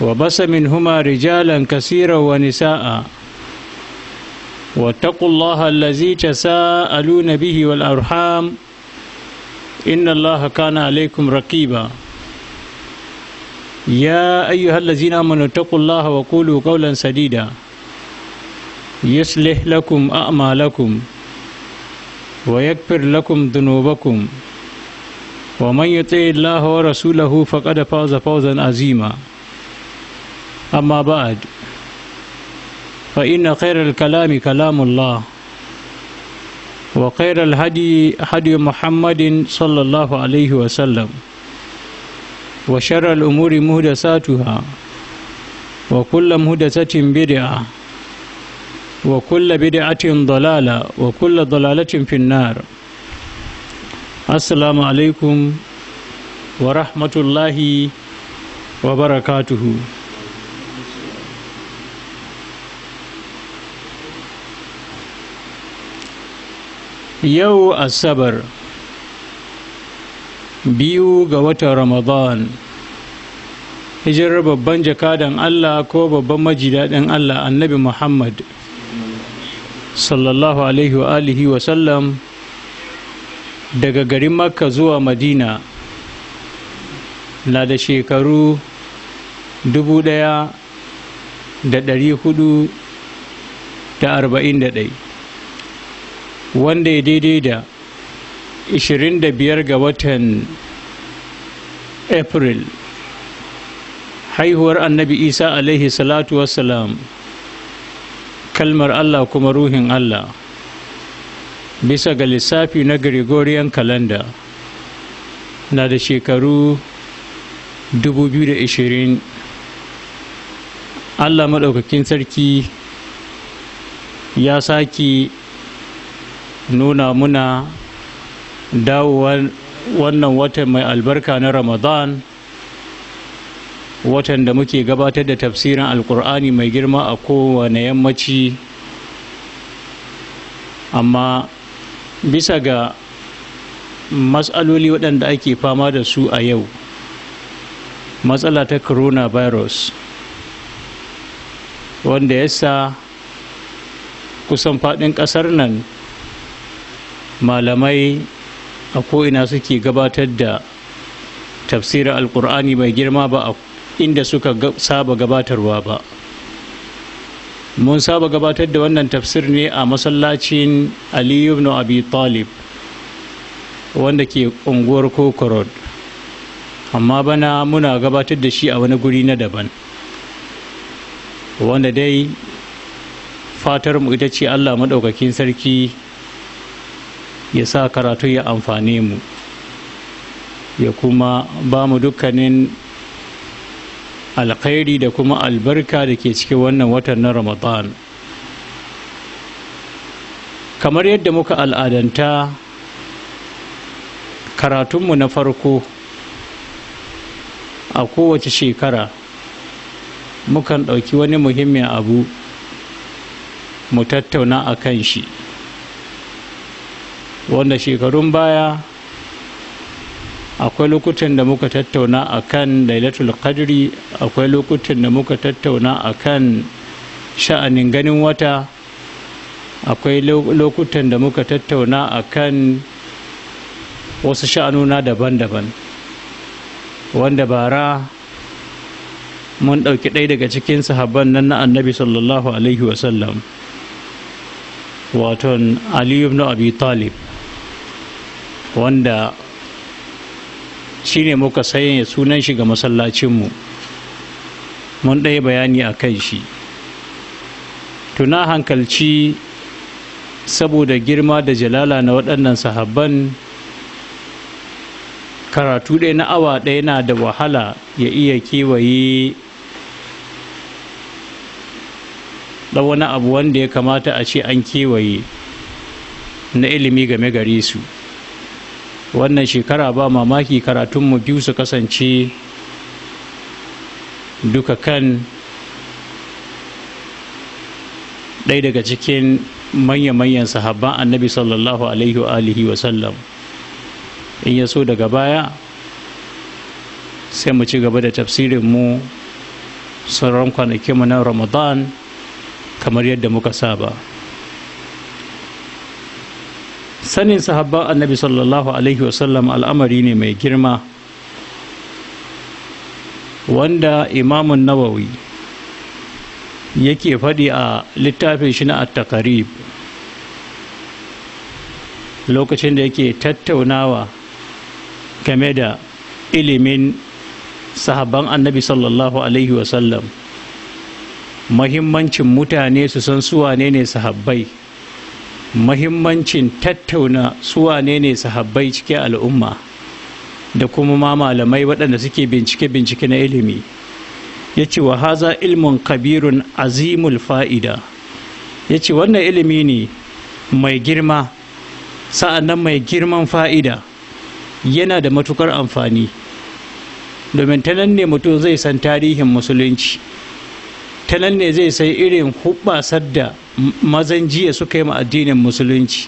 وبس منهما رجالا كثيرا ونساء واتقوا الله الذي تساءلون به والأرحام إن الله كان عليكم رقيبا يا أيها الذين آمنوا اتقوا الله وقولوا قولا سديدا يصلح لكم أعمالكم ويكفر لكم ذنوبكم ومن يطع الله ورسوله فقد فاز فوزا عظيما أما بعد فإن خير الكلام كلام الله وخير الهدي هدي محمد صلى الله عليه وسلم وشر الأمور مهدساتها وكل مهدسة بدعة وكل بدعة ضلالة وكل ضلالة في النار السلام عليكم ورحمة الله وبركاته yau asabar biyu ga watan ramadan hijirar babban jakadan allah ko babban majidaɗin allah annabi muhammad sallallahu alaihi wa alihi wa sallam daga garin makka zuwa madina na da shekaru dubu ɗaya da ɗari hudu da arba'in da ɗai wanda ya daidai da 25 ga watan april haihuwar annabi isa alaihi salatu wassalam kalmar allah kuma ruhin allah bisa ga lissafi na gregorian kalanda, na da shekaru 2020 allah maɗaukakin sarki ya sake nuna muna dawo wannan watan mai albarka na ramadan watan da muke gabatar da tafsirin alkur'ani mai girma a kowane yammaci amma bisa ga matsaloli waɗanda ake fama da su a yau matsala ta coronavirus wanda ya sa kusan faɗin ƙasar nan malamai a ko'ina suke gabatar da tafsirin alkur'ani mai girma ba a inda suka saba gabatarwa ba mun saba gabatar da wannan tafsir ne a masallacin aliyu ibn abi talib wanda ke unguwar kokorod amma bana muna gabatar da shi a wani guri na daban wanda dai fatar mu ita ce allah maɗaukakin sarki ya sa karatu ya amfane mu ya kuma ba mu dukkanin alkhairi da kuma albarka da ke cikin wannan watan na ramadan kamar yadda muka al'adanta karatunmu na farko a kowace shekara mukan ɗauki wani muhimmin abu mu tattauna a kan shi wanda shekarun baya akwai lokutan da muka tattauna a kan lailatul qadri akwai lokutan da muka tattauna a kan sha'anin ganin wata akwai lokutan da muka tattauna a kan wasu sha'anuna daban-daban wanda bara mun ɗauki ɗaya daga cikin sahabban nan na annabi sallallahu alaihi wasallam waton aliyu ibn abi talib wanda shi ne muka sanya sunan shi ga masallacinmu mun ɗaya bayani a kan shi tuna hankalci saboda girma da jalala na waɗannan sahabban karatu ɗaya na awa ɗaya na da wahala ya iya kewaye da wani abu wanda ya kamata a ce an kewaye na ilimi game gare su wannan shekara ba mamaki karatunmu biyu su kasance duka kan ɗaya daga cikin manya-manyan sahabban annabi sallallahu alaihi wa alihi in ya so daga baya sai mu ci gaba da tafsirinmu sauran kwanakinmu na ramadan kamar yadda muka saba sanin sahabban annabi sallallahu alaihi wasallam al'amari ne mai girma wanda imamun nawawi yake faɗi a littafin shi na attakarib lokacin da yake tattaunawa game da ilimin sahabban annabi sallallahu alaihi wasallam mahimmancin mutane su san suwa ne sahabbai mahimmancin tattauna su wane ne sahabbai cikin al'umma da kuma ma malamai waɗanda suke bincike-bincike na ilimi ya ce wa haza ilmun kabirun azimul fa'ida ya ce wannan ilimi ne mai girma nan mai girman fa'ida yana da matukar amfani domin ta nan ne mutum zai san tarihin musulunci ta nan ne zai sai irin hubbasar da mazan jiya suka yi ma addinin musulunci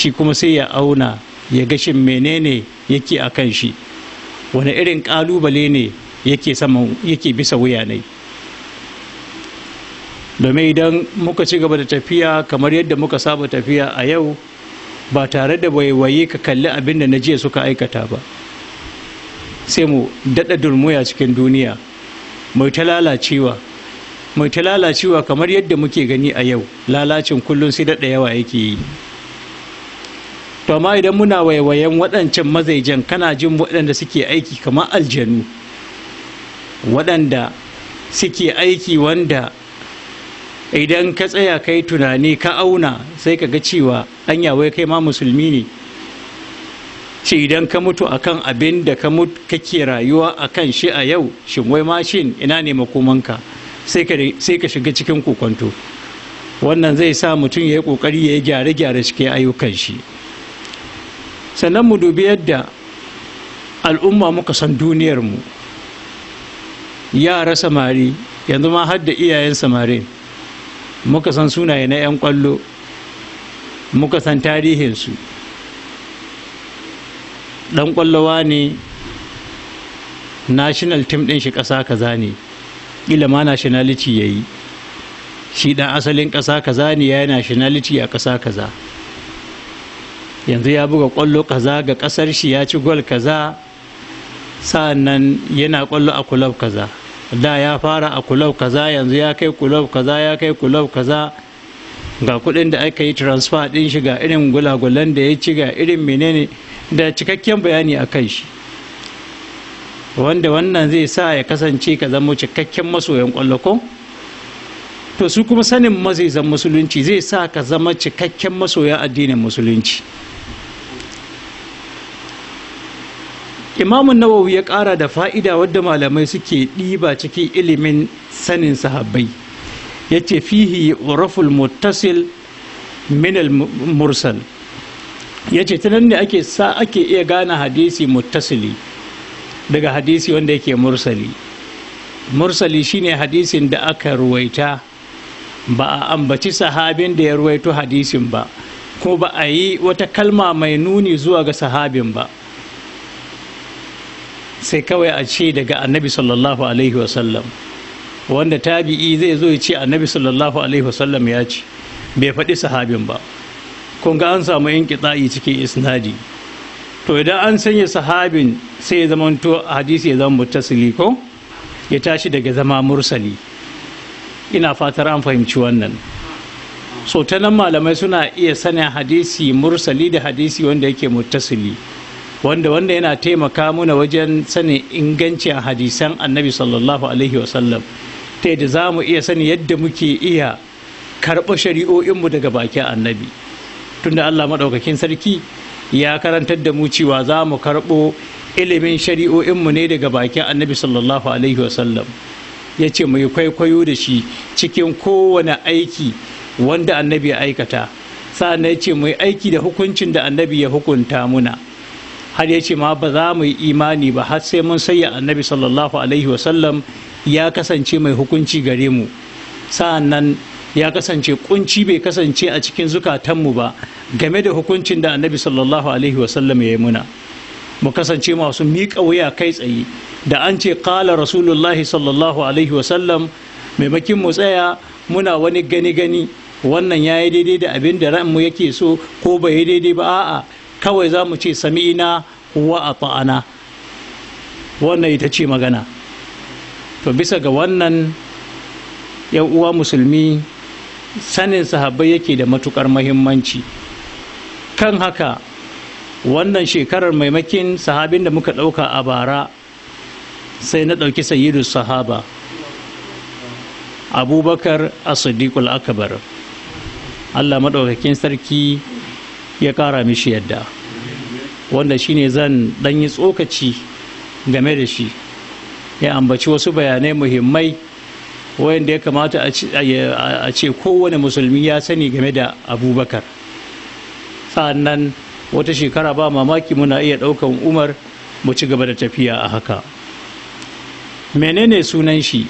shi kuma sai ya auna ya gashin menene yake a kan shi wani irin kalubale ne yake yake bisa wuya ne domin idan muka ci gaba da tafiya kamar yadda muka saba tafiya a yau ba tare da waiwaye ka kalli abin da na jiya suka aikata ba sai mu daɗa durmuya cikin duniya mai ta lalacewa mai ta lalacewa kamar yadda muke gani a yau lalacin kullum sai da yawa yake yi to idan muna waiwayen waɗancan mazaijan kana jin waɗanda suke aiki kamar aljanu waɗanda suke aiki wanda idan ka tsaya kai tunani ka auna sai ka ga cewa an yawai kai ma musulmi ne ce idan ka mutu akan abin da ka kake rayuwa akan shi a yau shin wai mashin ina ne makomanka sai ka shiga cikin kokonto wannan zai sa mutum ya yi ƙoƙari ya yi gyare-gyare cikin ayyukan shi sannan mu dubi yadda al'umma muka san mu. yara samari yanzu ma har da iyayen samari. muka san sunaye na 'yan kwallo muka san tarihinsu ɗan kwallowa ne national team ɗin shi ƙasa kaza ne kila ma nationality ya yi shi dan asalin ƙasa kaza ne ya yi nationality a ƙasa kaza yanzu ya buga ƙwallo kaza ga ƙasar shi ya ci gol kaza sa'annan yana ƙwallo a kulab kaza da ya fara a kulab kaza yanzu ya kai kulab kaza ya kai kulab kaza ga kuɗin da aka yi transfer ɗin shi ga irin gulagulan da ya ci ga irin menene da cikakken bayani a kan shi wanda wannan zai sa ya kasance ka zama cikakken masoyan ƙwallo ko to su kuma sanin mazaizan musulunci zai sa ka zama cikakken masoya addinin musulunci imamun nawawi ya ƙara da fa'ida wadda malamai suke ɗiba cikin ilimin sanin sahabbai ya ce fihi raful muttasil min mursal ya ce ta nan ne ake iya gane hadisi muttasili daga hadisi wanda yake mursali mursali shine hadisin da aka ruwaita ba a ambaci sahabin da ya ruwaito hadisin ba ko ba a yi wata kalma mai nuni zuwa ga sahabin ba sai kawai a ce daga annabi sallallahu alaihi wasallam wanda tabi'i zai zo ya ce annabi sallallahu alaihi wasallam ya ce bai faɗi sahabin ba kun ga an samu yin kitsa'i cikin isnadi to idan an sanya sahabin sai ya zama to hadisi ya zama mutasili ko ya tashi daga zama mursali ina fatar an fahimci wannan so ta nan malamai suna iya sanin hadisi mursali da hadisi wanda yake mutasili wanda wanda yana taimaka muna wajen sanin ingancin hadisan annabi sallallahu alaihi wasallam ta yadda za mu iya sani yadda muke iya karɓa shari'o'inmu daga bakin annabi tunda allah maɗaukakin sarki ya karantar da mu cewa za mu karɓo ilimin shari'o'inmu ne daga bakin annabi sallallahu alaihi wasallam ya ce mu kwaikwayo da shi cikin kowane aiki wanda annabi ya aikata sa'an ya ce mu aiki da hukuncin da annabi ya hukunta muna har ya ce ma ba za mu yi imani ba har sai mun sayya annabi sallallahu alaihi wasallam ya kasance mai hukunci gare mu sa'an ya kasance kunci bai kasance a cikin zukatanmu ba game da hukuncin da annabi sallallahu alaihi wasallam ya yi muna mu kasance masu miƙa wuya kai tsaye da an ce ƙala rasulullahi sallallahu alaihi wasallam maimakin mu tsaya muna wani gani gani wannan ya yi daidai da abin da mu yake so ko bai yi daidai ba a'a kawai za mu ce sami'ina wa ata'ana wannan ita ce magana to bisa ga wannan 'yan uwa musulmi sanin sahabbai yake da matukar mahimmanci kan haka wannan shekarar maimakin sahabin da muka ɗauka a bara sai na ɗauki sayidu sahaba abubakar asidikul akabar akbar allah maɗaukakin sarki ya ƙara mishi yadda wanda shi ne zan ɗanyi tsokaci game da shi ya ambaci wasu bayanai muhimmai wanda ya kamata a ce kowane musulmi ya sani game da abubakar sannan wata shekara ba mamaki muna iya ɗaukan umar mu ci gaba da tafiya a haka menene sunan shi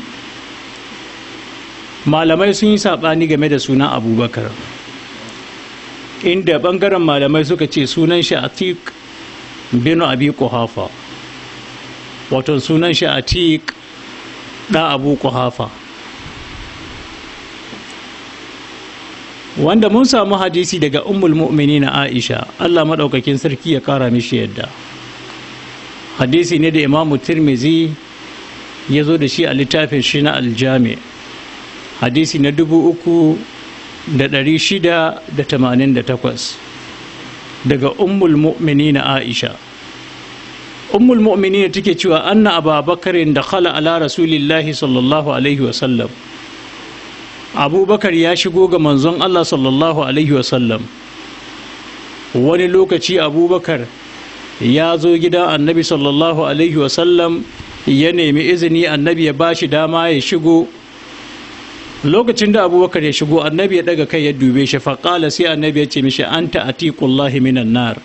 malamai sun yi saɓani game da sunan abubakar inda ɓangaren malamai suka ce sunan shi atik bin abi kuhafa wato sunan shi atik da abu kuhafa wanda mun samu hadisi daga ummul na aisha allah maɗaukakin sarki ya ƙara mishi yadda hadisi ne da imamu tirmizi ya zo da shi a littafin shi na aljami hadisi na dubu uku shida da tamanin daga ummul na aisha ummul mu'minina take cewa anna ababakarin da khala ala rasulillahi sallallahu alaihi wasallam abubakar ya shigo ga manzon allah sallallahu alaihi wasallam wani lokaci abubakar ya zo gida annabi sallallahu alaihi wasallam ya nemi izini annabi ya ba shi dama ya shigo lokacin da abubakar ya shigo annabi ya daga kai ya dube shi faƙala sai annabi ya ce mishi an atiqullahi minan nar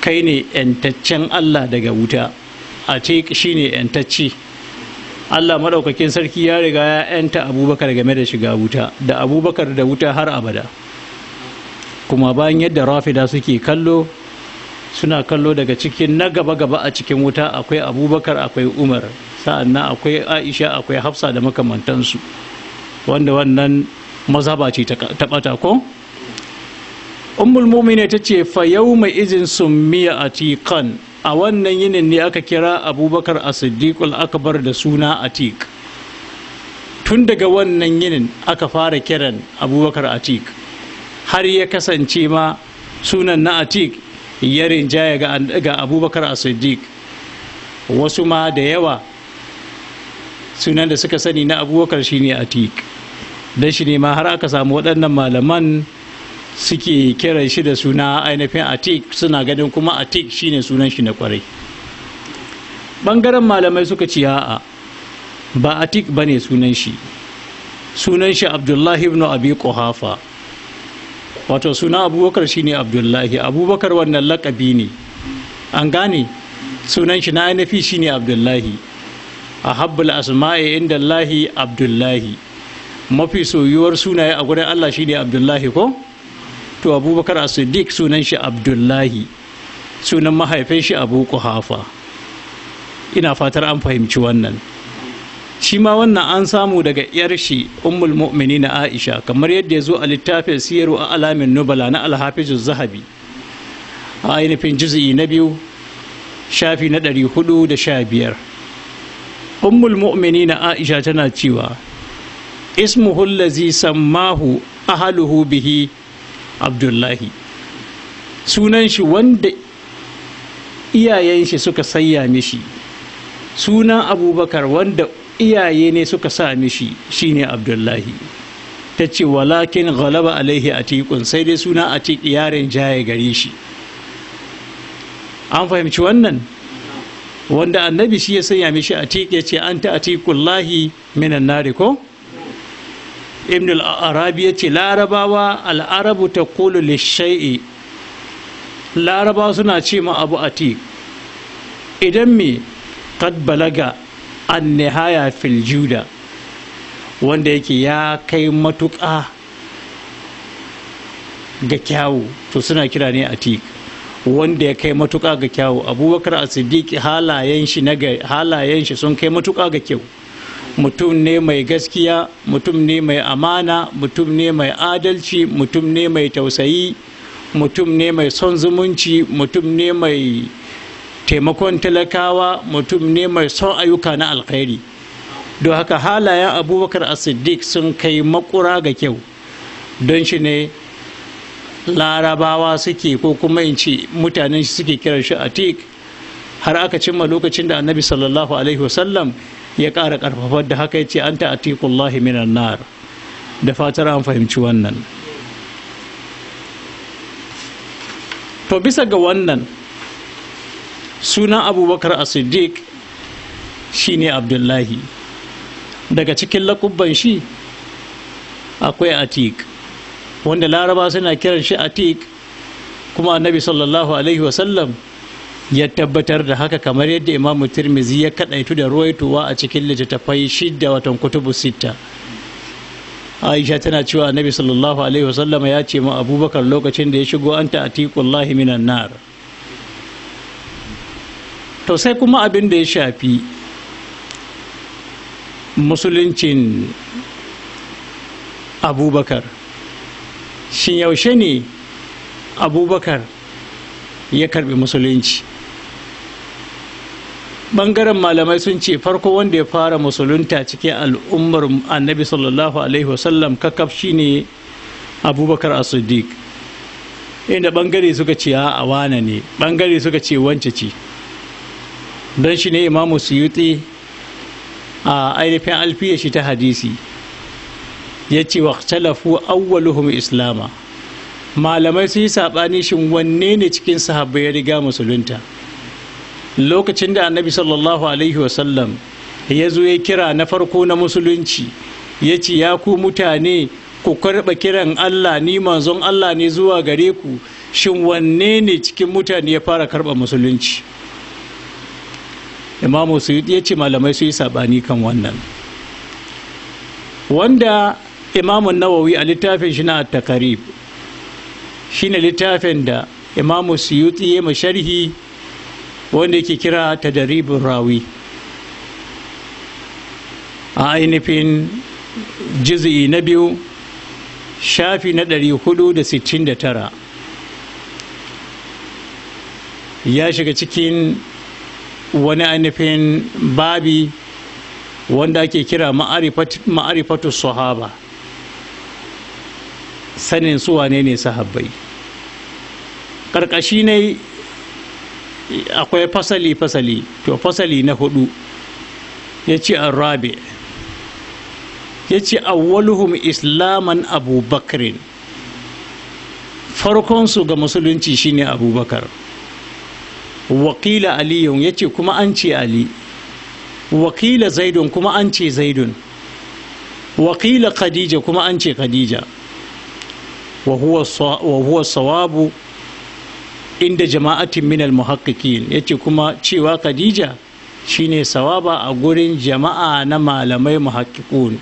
kai ne yantaccen allah daga wuta a shi ne yantacci Allah maɗaukakin sarki ya riga ya yanta abubakar game da shiga wuta da abubakar da wuta har abada kuma bayan yadda rafida suke kallo suna kallo daga cikin na gaba-gaba a cikin wuta akwai abubakar akwai umar sa'annan akwai aisha akwai hafsa da makamantansu wanda wannan mazhaba ce ta ɓata ko ummul mumine ta ce fa yau mai izin a tikan a wannan yinin ne aka kira abubakar a siddiqul akbar da suna atik tun daga wannan yinin aka fara kiran abubakar atik har ya kasance ma sunan na atik ya rinjaya ga abubakar a siddiq wasu ma da yawa sunan da suka sani na abubakar shine atik don shi ne ma har aka samu waɗannan malaman suke kiran shi da suna ainihin atik suna ganin kuma atik shine sunan shi na kwarai ɓangaren malamai suka ce a'a ba atik ba ne sunan shi sunan shi abdullahi ibn abi kuhafa wato suna abubakar shine abdullahi abubakar wannan lakabi ne an gane sunan shi na shi shine abdullahi a habbal asma'i inda lahi abdullahi mafi soyuwar sunaye a gurin allah shine abdullahi ko to abubakar a siddiq sunan shi abdullahi sunan mahaifin shi abu kuhafa ina fatar an fahimci wannan shi ma wannan an samu daga yar shi ummul mu'mini na aisha kamar yadda ya zo a littafin siyaru a alamin nubala na alhafizu zahabi a ainihin juzi'i na biyu shafi na ɗari hudu da sha biyar ummul mu'mini na aisha tana cewa ismuhullazi lazi sammahu ahaluhu bihi abdullahi sunan shi wanda iyayen shi suka sayya mishi sunan abubakar wanda iyaye ne suka sa mishi shine abdullahi ta ce walakin galaba alaihi a tikun sai dai suna a ci yaren jaye gare shi an fahimci wannan wanda annabi shi ya sanya mishi a tiƙe ce an ta tikun lahi minan nari ko ibn al-arabi yace larabawa al-arabu taqulu lish-shay'i larabawa suna ce ma abu ati idan me qad balaga an-nihaya fil juda wanda yake ya kai matuƙa ga kyawu to suna kira ne atik wanda ya kai matuƙa ga kyawu abubakar a siddiq halayen shi sun kai matuƙa ga kyau mutum ne mai gaskiya mutum ne mai amana mutum ne mai adalci mutum ne mai tausayi mutum ne mai son zumunci mutum ne mai taimakon talakawa mutum ne mai son ayyuka na alkhairi don haka halayen abubakar a siddiq sun kai makura ga kyau don shi ne larabawa suke ko kuma in ce mutanen suke kiran shi atik har aka cimma lokacin da annabi sallallahu alaihi wasallam ya ƙara ƙarfafar da haka ya ce an ta'atikullahi minan nar da fatar an fahimci wannan to bisa ga wannan sunan abubakar a siddiq ne abdullahi daga cikin lakubban shi akwai atik wanda laraba suna kiran shi atik kuma annabi sallallahu alaihi wasallam ya tabbatar da haka kamar yadda imamu tirmizi ya kadaitu da ruwaituwa a cikin littattafai shidda watan kutubu sita. aisha tana cewa annabi sallallahu alaihi wasallama ya ce ma abubakar lokacin da ya shigo an atiqullahi minan nar to sai kuma abin da ya shafi musuluncin abubakar shin yaushe ne abubakar ya karbi musulunci bangaren malamai sun ce farko wanda ya fara musulunta cikin al'ummar annabi sallallahu alaihi wasallam kakaf shine abubakar as-siddiq inda bangare suka ce a wane ne bangare suka ce wance ce don shi ne imamu suyuti a ainihin alfiya shi ta hadisi ya ce wa talafu awwaluhum islama malamai sun yi saɓani shin wanne ne cikin sahabbai ya riga musulunta lokacin da annabi sallallahu alaihi wasallam ya zo ya kira na farko na musulunci ya ce ya ku mutane ku karɓa kiran allah ni manzon allah ne zuwa gare ku shin wanne ne cikin mutane ya fara karɓa musulunci imamu su ya ce malamai su yi saɓani kan wannan wanda imamun nawawi a littafin shi na takarib shine littafin da imamu suyuti ya masharhi sharhi wanda yake kira tadaribin rawi a ainihin jizi na biyu shafi na ɗari da da tara. ya shiga cikin wani ainihin babi wanda ake kira ma'arifatu sahaba sanin suwa ne ne sahabbai ƙarƙashi ne akwai fasali fasali to fasali na hudu ya ce rabi ya ce awwaluhum islaman abubakarin farkonsu ga musulunci shine abubakar wakila aliyun ya ce kuma an ce ali wakila zaidun kuma an ce zaidun wakila khadija kuma an ce khadija wa huwa sawabu inda jama'atin minal muhaqqiqin yace kuma cewa Khadija shine sawaba a gurin jama'a na malamai muhaqqiqun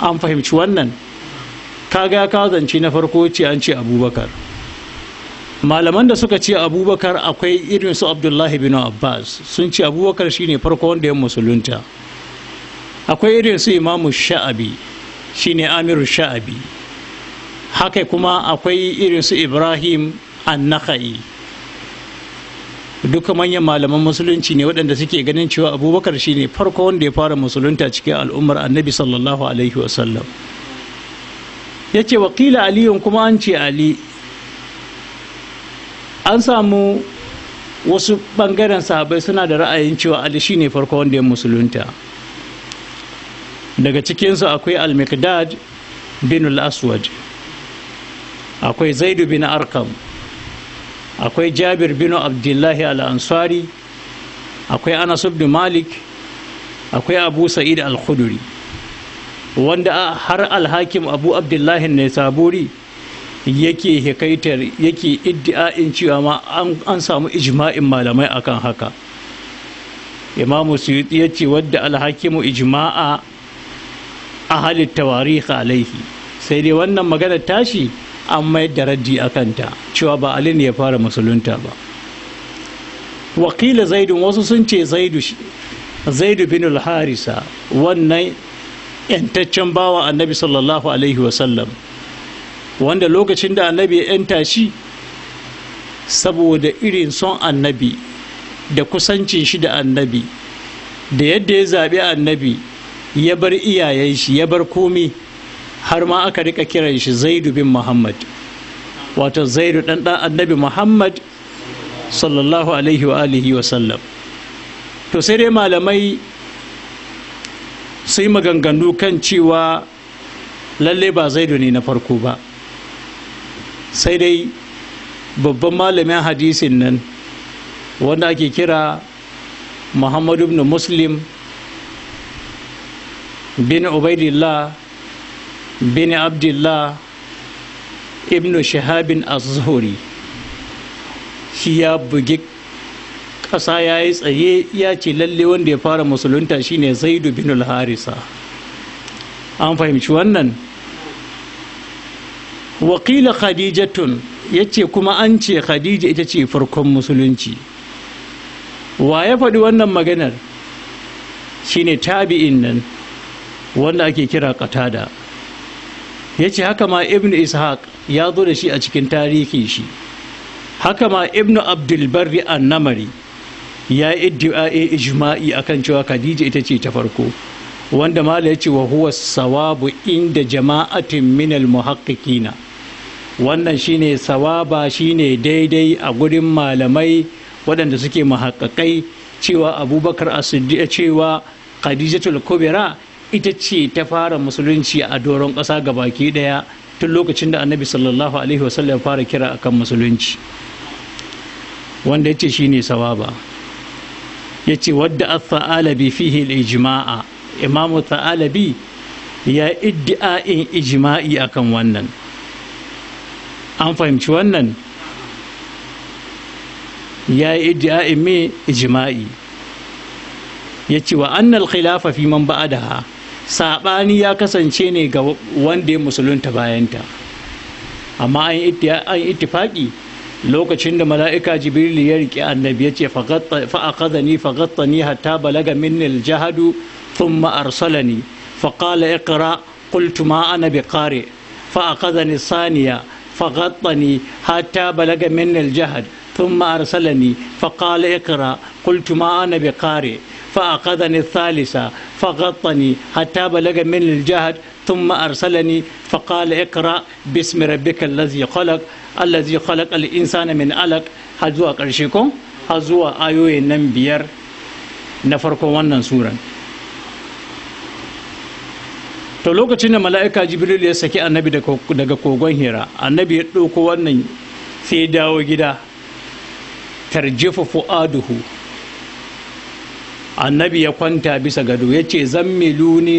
an fahimci wannan kaga ka zance na farko ce an ce Abubakar malaman da suka ce Abubakar akwai irin su Abdullahi bin Abbas sun ce Abubakar shine farko wanda ya musulunta akwai irin su Imamu Sha'abi shine Amiru Sha'abi haka kuma akwai irin su Ibrahim annaka'i duka manyan malaman musulunci ne waɗanda suke ganin cewa abubakar shine farko wanda ya fara musulunta cikin al'ummar annabi sallallahu alaihi wasallam ya ce wakila aliyun kuma an ce ali an samu wasu ɓangaren sahabai suna da ra'ayin cewa ali shine farko wanda ya musulunta daga cikinsu akwai al-mikdad bin al-aswad akwai zaidu bin arkam akwai jabir bin abdullahi al-ansari akwai anas ibn malik akwai abu sa'id al-khuduri wanda har alhakim abu abdullahi ne saburi yake hikaitar yake iddia'in cewa ma an samu ijma'in malamai akan haka imamu suyuti ya ce wadda alhakimu ijma'a a halitta warika alaihi sai dai wannan magana tashi an mayar da raddi a kanta cewa ba ali ne ya fara musulunta ba wakila zaidu wasu sun ce zaidu bin al-harisa wannan yantaccen bawa annabi sallallahu alaihi wasallam wanda lokacin da annabi ya yanta shi saboda irin son annabi da kusancin shi da annabi da yadda ya zaɓi annabi ya bar iyayen shi ya bar komi har ma aka rika kiran shi zaidu bin muhammad wato zaidu dan dan annabi muhammad sallallahu alaihi wa alihi wa sallam to sai dai malamai sai maganganu kan cewa lalle ba zaidu ne na farko ba sai dai babban malamin hadisin nan wanda ake kira muhammadu ibn muslim bin ubaidillah bin abdullah Ibnu shahabin az-zuhri shi ya bugi ƙasa ya yi tsaye ya ce lalle wanda ya fara musulunta shine zaidu BinulHarisa. an fahimci wannan wakila khadijatun ya ce kuma an ce khadija ita ce farkon musulunci wa ya faɗi wannan maganar shine tabi'in nan wanda ake kira katada ya ce haka ma ibn ishaq ya zo da shi a cikin tarihin shi haka ma ibn abdulbarri annamari ya yi iddi'a'e ijma'i akan cewa khadija ita ce ta farko wanda mala ya ce wa huwa sawabu inda jama'atin minal muhaqqiqina wannan shine sawaba shine daidai a gurin malamai waɗanda suke muhaqqaqai cewa abubakar as cewa khadijatul kubra ita ce ta fara musulunci a doron ƙasa ga baki ɗaya tun lokacin da annabi sallallahu alaihi wasallam fara kira akan musulunci wanda ya ce shi ne sawaba ya ce wadda a tsa'alabi fihi al imamu tsa'alabi ya iddi'a'in a akan wannan an fahimci wannan ya yi iddi'a'in mai ijima'i ya ce wa annal khilafa fi man ba'adaha saɓani ya kasance ne ga wanda ya musulunta bayanta amma an ittifaƙi lokacin da mala'ika jibrilu ya riƙe annabi ya ce fa'aƙazani fa'aƙazani hatta balaga minnil jahadu thumma arsalani faƙala iqra qultu ma ana biqari fa'aƙazani saniya فغطني حتى بلغ مني الجهد ثم أرسلني فقال اقرأ قلت ما أنا بقارئ فأخذني الثالثة فغطني حتى بلغ من الجهد ثم أرسلني فقال اقرأ باسم ربك الذي خلق الذي خلق الإنسان من علق هزوا قرشيكم هزوا آيوي نمبير نفركم ونن سورة to lokacin da mala'ika jibril ya saki annabi daga kogon hira annabi ya ɗauko wannan sai ya dawo gida tarjifa fu'aduhu annabi ya kwanta bisa gado ya ce zan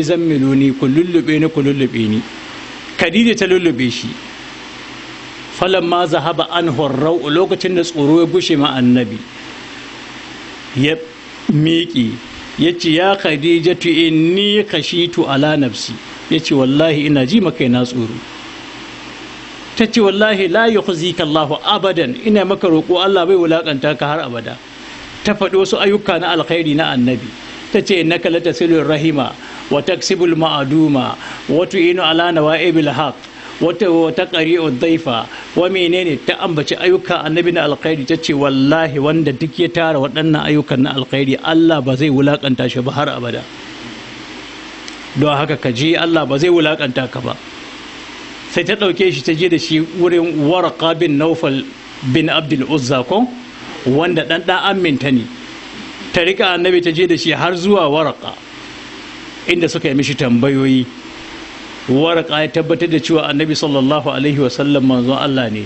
zan miluni ku lullube ni ku lullube ni khadija ta lullube shi falan ma haɓa an horrau lokacin da tsoro ya bushe ma annabi ya miƙi ya ce ya khadija tu inni tu ala nafsi ya ce wallahi ina ji maka na tsoro ta ce wallahi la yukhzika abadan ina maka roƙo Allah bai wulaƙanta ka har abada ta faɗi wasu ayyuka na alkhairi na annabi ta ce na kalata silin rahima wa taksibul ma'aduma wa inu ala nawa'ibil haq wata ƙari a daifa wa menene ta ambaci ayyuka annabi na alkhairi ta ce wallahi wanda duk ya tara waɗannan ayyukan na alkhairi Allah ba zai wulaƙanta shi ba har abada don haka ka je Allah ba zai wulaƙanta ka ba sai ta ɗauke shi ta je da shi wurin warqa bin naufal bin abdul uzza ko wanda ɗan ɗan aminta ne ta rika annabi ta je da shi har zuwa waraka inda suka yi mishi tambayoyi waraka ya tabbatar da cewa annabi sallallahu alaihi wasallam manzon Allah ne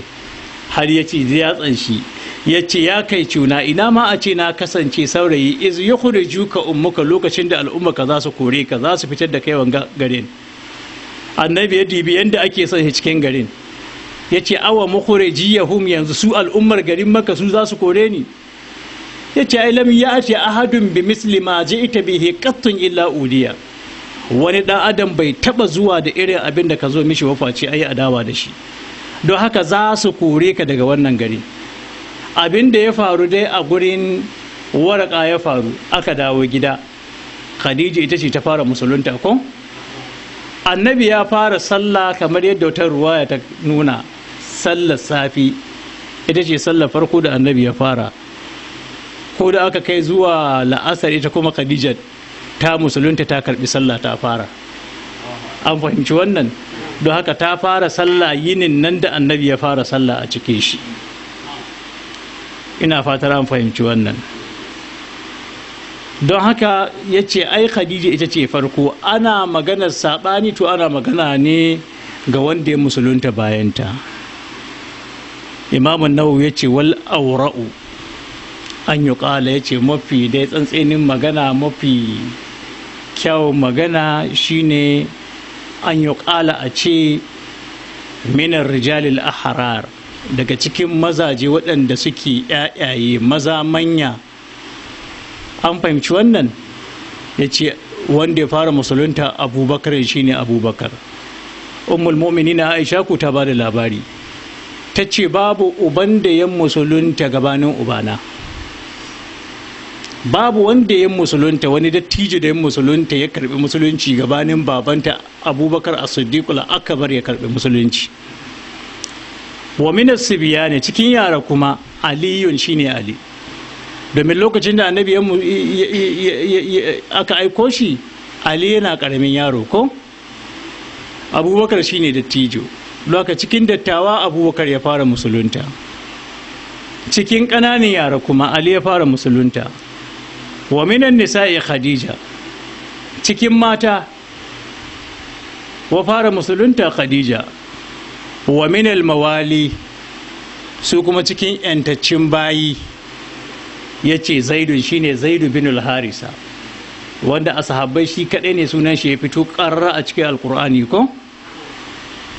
har ya ce ya tsanshi ya ce ya kai cuna ina ma a ce na kasance saurayi iz ya juka ummuka lokacin da al'umma za su kore ka za su fitar da kai wanga garin annabi ya dibi yadda ake son shi cikin garin ya ce awa makhurajiyahum yanzu su al'ummar garin maka su za su kore ni ya ce ai ya ce ahadun bi misli ma ita he kattun illa uliya wani dan adam bai taba zuwa da irin abin da ka zo mishi face ayi adawa da shi don haka za su kore ka daga wannan gari abin da ya faru dai a gurin waraka ya faru aka dawo gida khadija ita ce ta fara musulunta ko annabi ya fara sallah kamar yadda wata ruwaya ta nuna sallar safi ita ce sallar farko da annabi ya fara ko da aka kai zuwa la'asar ita kuma khadija ta musulunta ta karbi sallah ta fara an fahimci wannan don haka ta fara sallah yinin nan da annabi ya fara sallah a cike shi ina fatar an fahimci wannan don haka ya ce ai khadija ita ce farko ana maganar saɓani to ana magana ne ga wanda ya musulunta bayanta imamun nawawi ya ce wal aura'u an yi ƙala ya ce mafi dai tsantsenin magana mafi kyau, magana shine an yi ƙala a ce minar rijalil aharar daga cikin mazaje waɗanda suke ‘ya'yaye maza manya an fahimci wannan ya ce wanda ya fara musulunta abubakar shine abubakar ummul na aisha ku ta ba da labari ta ce babu uban da yan musulunta gabanin ubana babu wanda yan musulunta wani dattijo da yan musulunta ya karbi musulunci gabanin babanta abubakar a as aka bar ya karbi musulunci wa Sibiya ne cikin yara kuma aliyun shine ali domin lokacin da annabi aka aiko shi ali yana karamin yaro ko abubakar shine dattijo Loka cikin dattawa abubakar ya fara musulunta cikin ƙananan yara kuma ali ya fara musulunta wa minan nisa'i khadija cikin mata wa fara musulunta khadija wa minal mawali su kuma cikin yantaccin bayi ya ce zaidun shine zaidu bin harisa wanda a sahabbai shi kaɗai ne sunan shi ya fito ƙarra a cikin alkur'ani ko?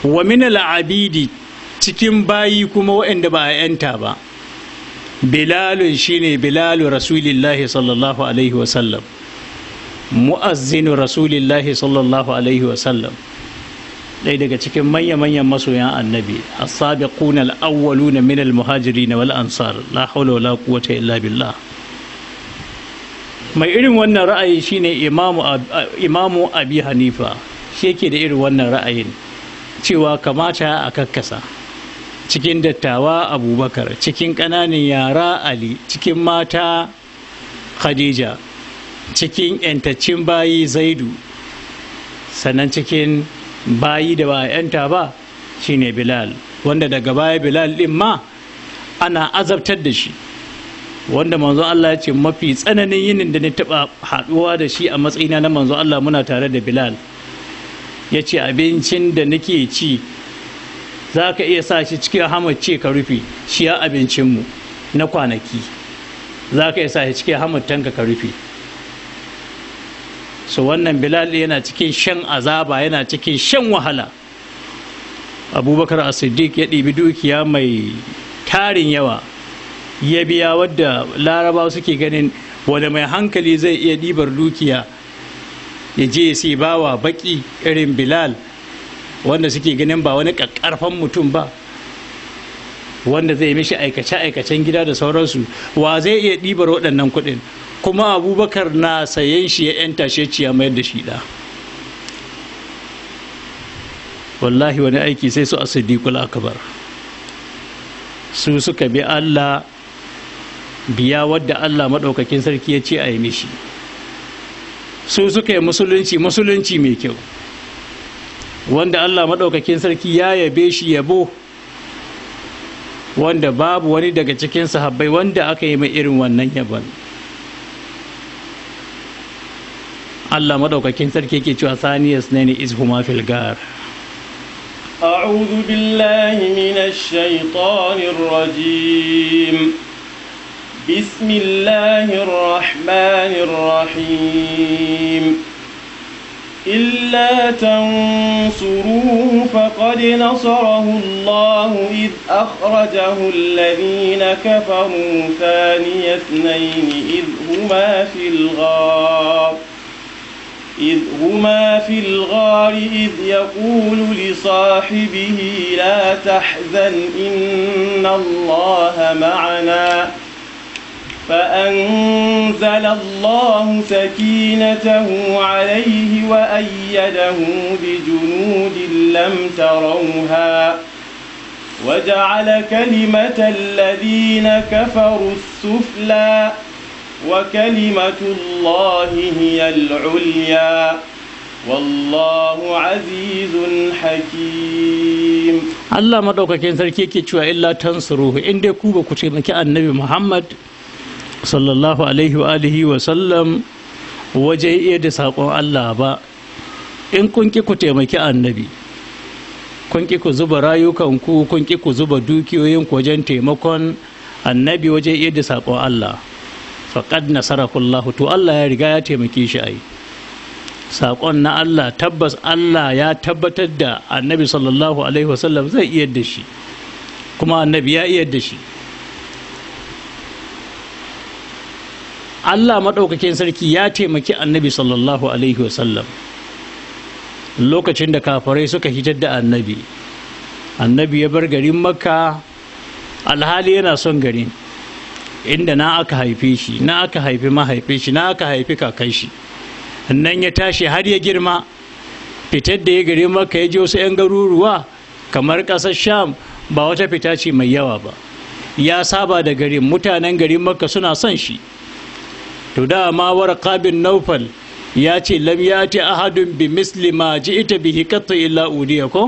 wa min al'abidi cikin bayi kuma waɗanda ba a yanta ba bilalun shine bilalu rasulillahi sallallahu alaihi wasallam mu'azzinu rasulillahi sallallahu alaihi wasallam ɗaya daga cikin manya-manyan masoyan annabi as-sabiqun al na minal muhajiri na wal ansar la hawla wala quwwata illa billah mai irin wannan ra'ayi shine imamu imamu abi hanifa shi yake da irin wannan ra'ayin cewa kamata a kakkasa cikin dattawa abubakar cikin ƙananan yara ali cikin mata khadija cikin yantaccin bayi zaidu sannan cikin bayi da ba yanta ba shine bilal wanda daga baya bilal ɗin ma ana azabtar da shi wanda manzo Allah ya ce mafi tsananin yinin da na taɓa haɗuwa da shi a matsayina na manzo Allah muna tare da bilal ya ce abincin da nake ci za ka iya sa shi cikin ce ka rufe shi ya abincinmu na kwanaki za ka iya sa shi cikin tanka ka rufe su wannan bilal yana cikin shan azaba yana cikin shan wahala abubakar as ya ɗibi dukiya mai tarin yawa ya biya wadda Laraba suke ganin wanda mai hankali zai iya ɗibar dukiya ya je ya sai bawa baki irin bilal wanda suke ganin ba wani ƙaƙƙarfan mutum ba wanda zai mishi aikace-aikacen gida da sauransu wa zai iya ɗibar waɗannan kuɗin kuma abubakar na sayen shi ya 'yan tashe ciya mayar da shi ɗa wallahi wani aiki sai su asidikul akabar su suka bi allah biya wadda allah maɗaukakin sarki ya ce a yi mishi su suka yi musulunci musulunci mai kyau wanda allah maɗaukakin sarki ya yabe shi yabo wanda babu wani daga cikin sahabbai wanda aka yi mai irin wannan yabon allah maɗaukakin sarki ke cewa saniyas ne ne izhuma filgar أعوذ بالله من الشيطان الرجيم بسم الله الرحمن الرحيم إلا تنصروه فقد نصره الله إذ أخرجه الذين كفروا ثاني اثنين إذ هما في الغار إذ هما في الغار إذ يقول لصاحبه لا تحزن إن الله معنا ۖ فأنزل الله سكينته عليه وأيده بجنود لم تروها وجعل كلمة الذين كفروا السفلى وكلمة الله هي العليا والله عزيز حكيم الله ما دوكا كين سركي كي تشوا الا تنصروه ان دي كوبا كتشي مكي النبي محمد sallallahu alaihi wa alihi wa sallam waje iya da saƙon Allah ba in kun ki ku taimaki annabi kun ki ku zuba rayukanku kun ki ku zuba dukiyoyinku wajen taimakon annabi waje iya da saƙon Allah faƙad nasarakullahu to Allah ya riga ya taimake shi ai saƙon na Allah tabbas Allah ya tabbatar da annabi sallallahu alaihi wa sallam zai iya da shi kuma annabi ya iya da shi Allah maɗaukakin sarki ya taimaki annabi sallallahu alaihi wasallam lokacin da kafarai suka hitar da annabi annabi ya bar garin makka alhali yana son garin inda na aka haife shi na aka haifi mahaife shi na aka haifi kakan shi nan ya tashi har ya girma fitar da ya gari Makka ya ji wasu 'yan garuruwa kamar ƙasar sham ba wata fita ce mai yawa ba ya saba da garin mutanen garin Makka suna son shi to dama warqa bin naufal ya ce lam yati ahadun bi misli ma ita bihi qatta illa udiya ko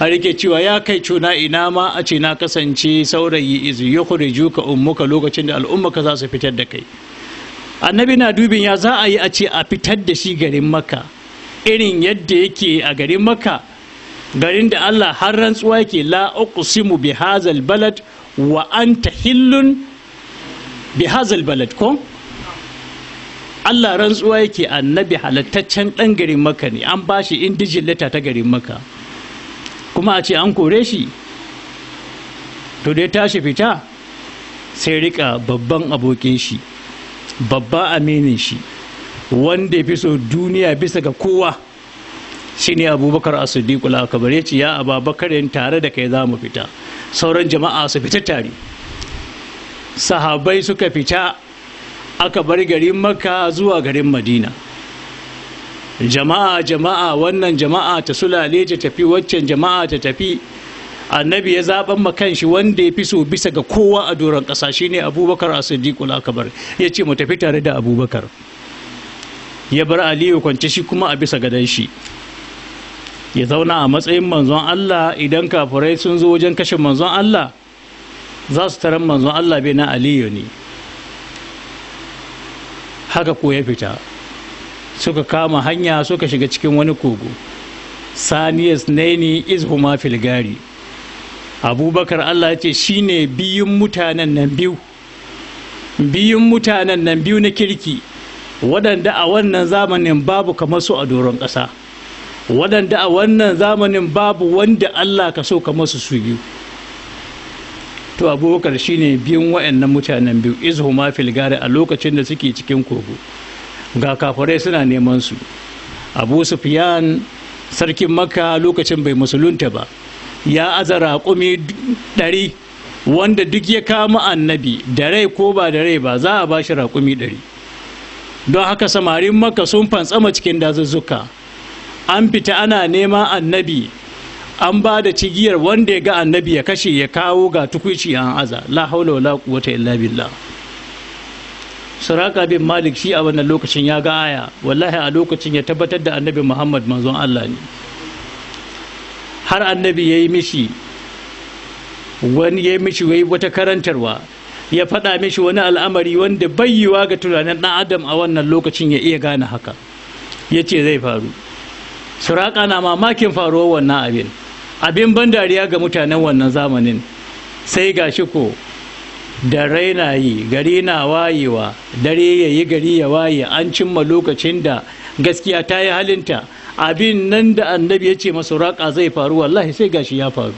har yake cewa ya kai cuna ina ma a ce na kasance saurayi izu ya ka ummuka lokacin da al'ummaka za su fitar da kai annabi na dubin ya za a yi a ce a fitar da shi garin Makka irin yadda yake a garin Makka garin da allah har rantsuwa yake la uqsimu bi hazal balad wa anta hillun bi hazal balad ko Allah rantsuwa yake annabi halattaccen ɗan garin maka ne an ba shi indijin leta ta garin maka kuma a ce an kore shi to dai tashi fita sai rika babban abokin shi babba aminin shi wanda ya fi so duniya bisa ga kowa Shi ne abubakar a siddiqul akbar ya ce ya ababakar yin tare da kai za mu fita sauran jama'a su fita tare sahabai suka fita aka bar garin makka zuwa garin madina jama'a jama'a wannan jama'a ta sulale ta tafi waccan jama'a ta tafi annabi ya zaben ma kanshi wanda ya fi so bisa ga kowa a doron ƙasa ne abubakar a siddiqul akbar ya ce mu tafi tare da abubakar ya bar aliyu kwance shi kuma a bisa gadon shi ya zauna a matsayin manzon Allah idan kafurai sun zo wajen kashe manzon Allah za su taron manzon Allah bai na aliyu ne haka ko ya fita suka kama hanya suka shiga cikin wani kogo saniyas naini izhuma filgari abubakar allah ce shine biyun mutanen nan biyu biyun mutanen nan biyu na kirki waɗanda a wannan zamanin babu kamar su a doron ƙasa waɗanda a wannan zamanin babu wanda allah ka so kamar su su biyu to abubakar shine biyun wa'annan mutanen biyu izhuma fil a lokacin da suke cikin kogo ga kafirai suna neman su abu sufyan sarkin makka lokacin bai musulunta ba ya aza raƙumi ɗari wanda duk ya kama annabi da rai ko ba da rai ba za a ba shi raƙumi ɗari don haka samarin makka sun fantsama cikin dazuzzuka an fita ana nema annabi an ba da cigiyar wanda ya ga annabi ya kashe ya kawo ga tukwici an aza la haula wala quwwata illa billah saraka bin malik shi a wannan lokacin ya ga aya wallahi a lokacin ya tabbatar da annabi muhammad manzon allah ne har annabi ya yi mishi wani ya yi mishi wata karantarwa ya faɗa mishi wani al'amari wanda bayyawa ga tunanin ɗan adam a wannan lokacin ya iya gane haka ya ce zai faru suraka na mamakin faruwar wannan abin abin ban dariya ga mutanen wannan zamanin sai ga shi ko da raina yi gari na wayewa dare ya yi gari ya waye an cimma lokacin da gaskiya ta yi halinta abin nan da annabi ya ce masu raƙa zai faru wallahi sai gashi ya faru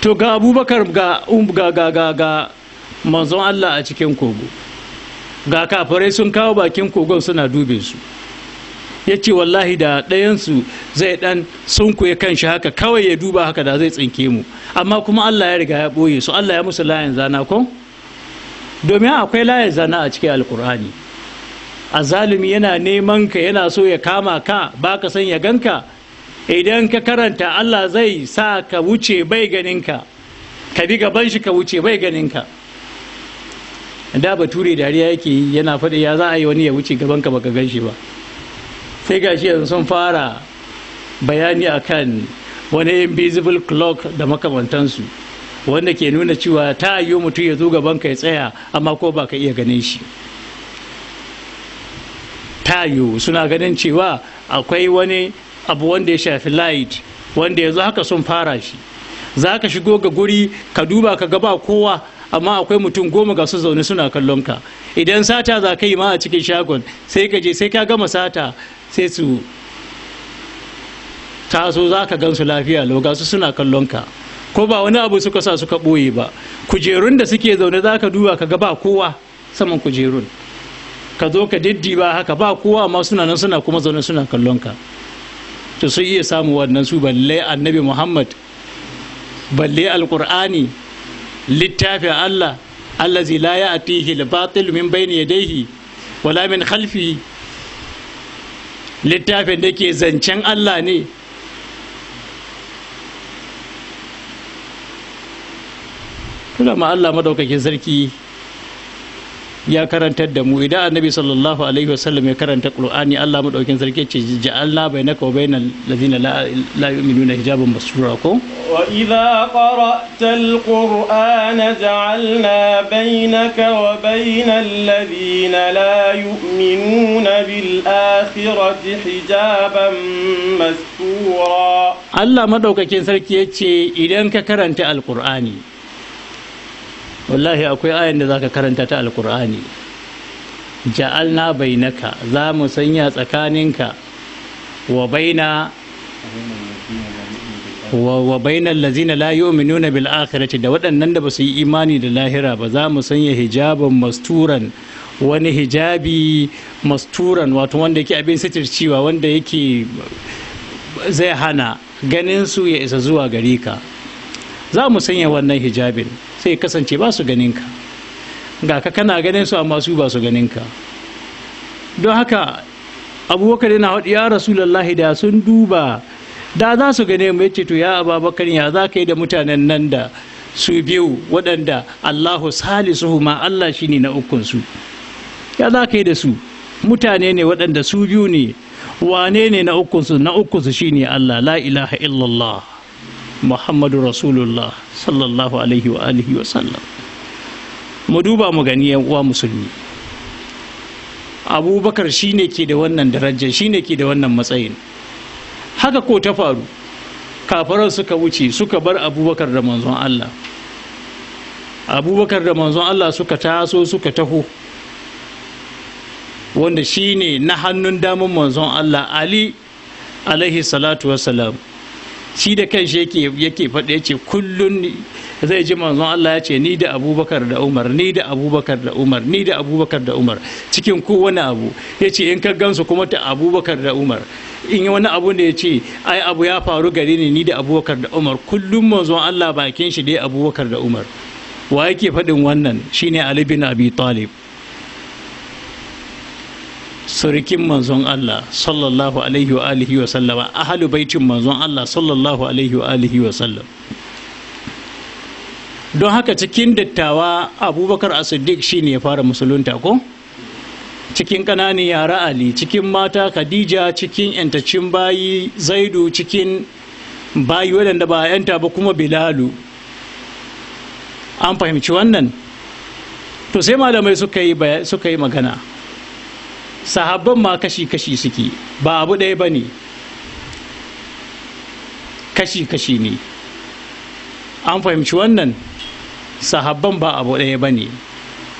to ga abubakar ga um, ga ga ga manzon allah a cikin kogo ga kafirai sun kawo bakin kogon suna dube su ya ce wallahi da ɗayansu zai ɗan sunkuye kan shi haka kawai ya duba haka da zai tsinke mu amma kuma Allah ya riga ya ɓoye su Allah ya musu layin zana ko domin akwai layin zana a cikin alkur'ani azalumi yana neman ka yana so ya kama ka baka san ya ganka idan ka karanta Allah zai sa ka wuce bai ganinka ka bi gaban shi ka wuce bai ganinka da bature dariya yake yana faɗi ya za a yi wani ya wuce gaban ka baka gan shi ba sai ga shi yanzu sun fara bayani akan wani invisible clock da makamantansu wanda ke nuna cewa ta yi mutum ya zo gaban ka ya tsaya amma ko ba ka iya ganin shi ta yi suna ganin cewa akwai wani abu wanda ya shafi light wanda yanzu haka sun fara shi za ka shigo ga guri ka duba ka gaba kowa amma akwai mutum goma ga su zaune suna kallon ka idan sata za ka yi ma a cikin shagon sai ka je sai ka gama sata sai su taso za ka gan su lafiya lau ga su suna kallon ka ko ba wani abu suka sa suka ɓoye ba kujerun da suke zaune za ka duba ka ga ba kowa saman kujerun ka zo ka diddi ba haka ba kowa amma suna nan suna kuma zaune suna kallon ka to sun iya samu wannan su balle annabi muhammad balle alkur'ani littafin Allah allazi la ya'tihi al-batil min bayni yadayhi wala min khalfi. littafin da ke zancen Allah ne Tuna ma Allah madaukakin sarki ya karantar da mu idan annabi sallallahu alaihi wasallam ya karanta qur'ani Allah madaukin sarki ce ja'alna bainaka wa bainal ladina la yu'minuna hijaban masura ko wa idza qara'ta alqur'ana ja'alna bainaka wa bainal ladina la yu'minuna bil akhirati hijaban masura Allah madaukakin sarki yace idan ka karanta alqur'ani wallahi akwai ayan da zaka karanta ta alkur'ani ja'alna bainaka za mu sanya tsakaninka wa baina wa bainal lazina la yu'minuna bil akhirati da waɗannan da ba su yi imani da lahira ba za mu sanya hijaban masturan wani hijabi masturan wato wanda yake abin sitircewa wanda yake zai hana ganin su ya isa zuwa gari ka za mu sanya wannan hijabin sai kasance ba su ganin ka ga ka kana ganin su amma su ba su ganin ka don haka abubakar yana haɗu ya rasulallahi da sun duba da za su gane mu yace to ya ababakar ya za ka yi da mutanen nan da su biyu waɗanda allahu Salisu ma allah shine na ukunsu ya za ka yi da su mutane ne waɗanda su biyu ne wane ne na ukunsu na ukunsu shine allah la ilaha illallah muhammadu rasulullah sallallahu alaihi wa alihi wa sallam mu duba mu gani yan uwa musulmi abubakar ne ke da wannan darajar shine ke da wannan matsayin haka ko ta faru kafarar suka wuce suka bar abubakar da manzon allah abubakar da manzon allah suka taso suka taho wanda shine na hannun daman manzon allah ali alaihi salatu wassalam shi da kan shi yake faɗe ya ce kullum zai ji manzon Allah ya ce ni da abubakar da umar ni da abubakar da umar ni da abubakar da umar cikin kowane abu ya ce in ka gansu kuma ta abubakar da umar in wani abu ne ya ce ai abu ya faru gare ni ni da abubakar da umar kullum manzon Allah bakin shi dai abubakar da umar wa yake faɗin wannan shine ali bin abi talib surikin manzon Allah sallallahu alaihi wa alihi wa sallama ahalu baitin manzon Allah sallallahu alaihi wa alihi wa sallam don haka cikin dattawa abubakar as-siddiq shine ya fara musulunta ko cikin ƙananan yara ali cikin mata khadija cikin yantacin bayi zaidu cikin bayi waɗanda ba yanta ba kuma bilalu an fahimci wannan to sai malamai suka yi magana sahabban ma kashi-kashi suke ba abu ɗaya ba ne kashi-kashi ne an fahimci wannan sahabban ba abu ɗaya ba ne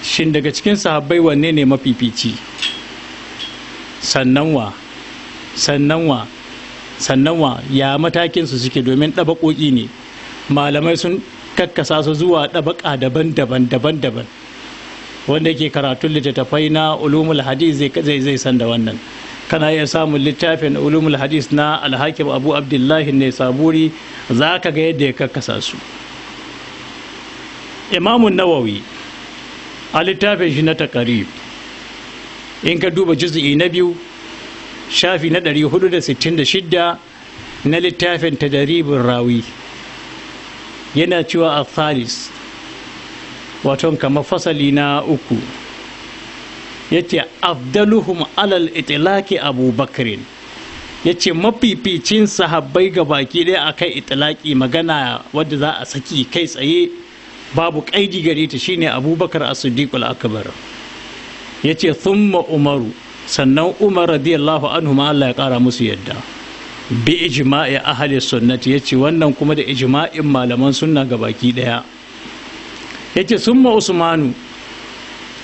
shin daga cikin sahabbai wanne ne mafifici sannan wa sannan wa sannan wa ya matakinsu suke domin ɗabaƙoƙi ne malamai sun kakkasa su zuwa ɗabaƙa daban-daban daban-daban wanda yake karatun littattafai na ulumul hadis zai zai san da wannan kana iya samun littafin ulumul hadis na alhakim abu abdullahi ne saburi za ka ga yadda ya kakkasa su imamun nawawi a littafin shi na takarib in ka duba juz'i na biyu shafi na 466 na littafin tadaribin rawi yana cewa a thalis wato kamar fasali na uku ya ce afdaluhum alal itilaki abubakarin yace mafificin sahabbai ga baki ɗaya akan itilaki magana wadda za a saki kai tsaye babu ƙaidi gare ta shine abubakar as-siddiq al Ya ce thumma umaru sannan umar radiyallahu anhu ma Allah ya ƙara musu yadda bi ijma'i ahli sunnati ce wannan kuma da ijma'in malaman sunna ga baki ɗaya ya ce summa usmanu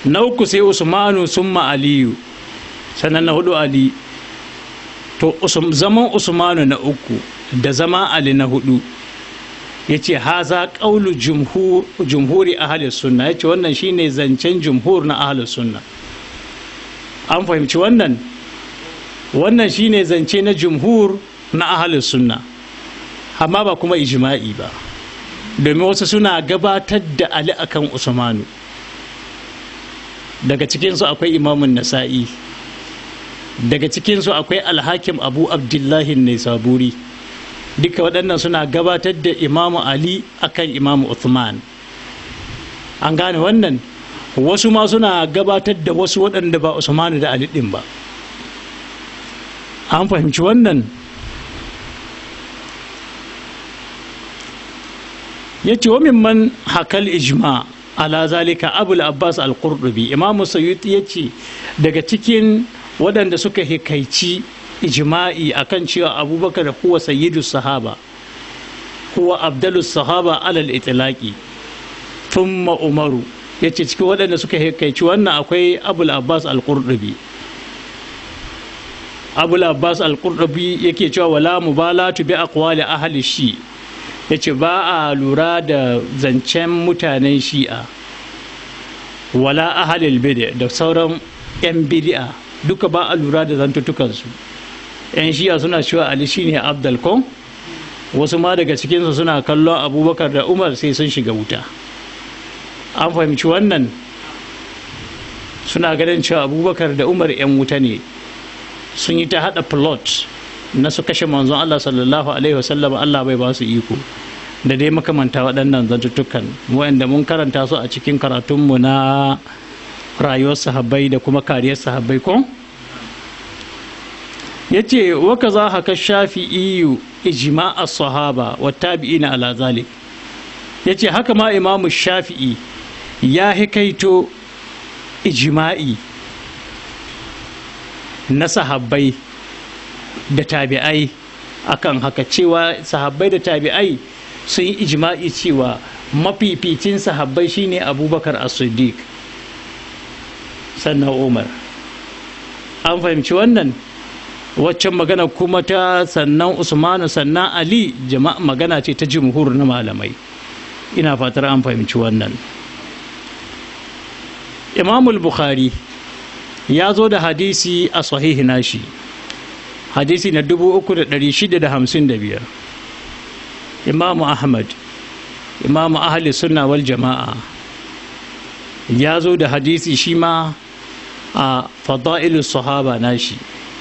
na uku sai usmanu summa aliyu sannan na hudu ali to zaman usmanu na uku da zama ali na hudu ya ce haza ƙaulu jumhuri ahalis sunna ya ce wannan shine zancen jumhur na ahalis sunna an fahimci wannan wannan shine zance na jumhur na ahalis sunna amma ba kuma ijima'i ba domin wasu suna gabatar da ali akan usmanu daga cikinsu akwai imamun nasa'i daga cikinsu akwai alhakim abu abdullahi ne saburi duka waɗannan suna gabatar da imamu ali akan imamu uthman an gane wannan wasu ma suna gabatar da wasu waɗanda ba usmanu da ali ɗin ba an fahimci wannan yace wa mimman hakal ijma ala zalika abul abbas al-qurdubi imamu ya yace daga cikin waɗanda suka hikaici ijma'i akan cewa abubakar huwa sayyidu sahaba huwa abdalu sahaba alal tun thumma umaru yace cikin waɗanda suka hikaici wannan akwai abul abbas al-qurdubi abul abbas al-qurdubi yake cewa wala mubalatu bi aqwali ahli shi ya ce ba a lura da zancen mutanen shi'a wala ahalil bid'a da sauran 'yan bid'a duka ba a lura da zantuttukansu. 'yan shi'a suna cewa ali shine ne Abdalkon? wasu ma daga cikinsu suna kallon abubakar da umar sai sun shiga wuta an fahimci wannan suna ganin cewa abubakar da umar 'yan wuta ne sun yi ta haɗa plot na su kashe manzon Allah sallallahu alaihi wasallam Allah bai ba su iko da dai makamanta waɗannan zantutukan wa'anda mun karanta su a cikin karatunmu na rayuwar sahabbai da kuma kariyar sahabbai ko ya ce waka za haka ijima ijma'a sahaba wa tabi'ina ala zalik ya ce haka ma imamu shafi'i ya hikaito ijima'i na sahabbai da tabi'ai akan haka cewa sahabbai da tabi'ai sun yi ijma'i cewa mafificin sahabbai shine abubakar as-siddiq sannan umar an fahimci wannan waccan magana kuma ta sannan usmanu sannan ali jama'a magana ce ta jimhur na malamai ina fatar an fahimci wannan imamul bukhari ya zo da hadisi a sahihi nashi shi hadisi na 3655 imamu ahmad imamu ahli sunna wal jama'a ya zo da hadisi shi ma a fada'ilu sahaba shi,